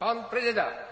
Pan prezident.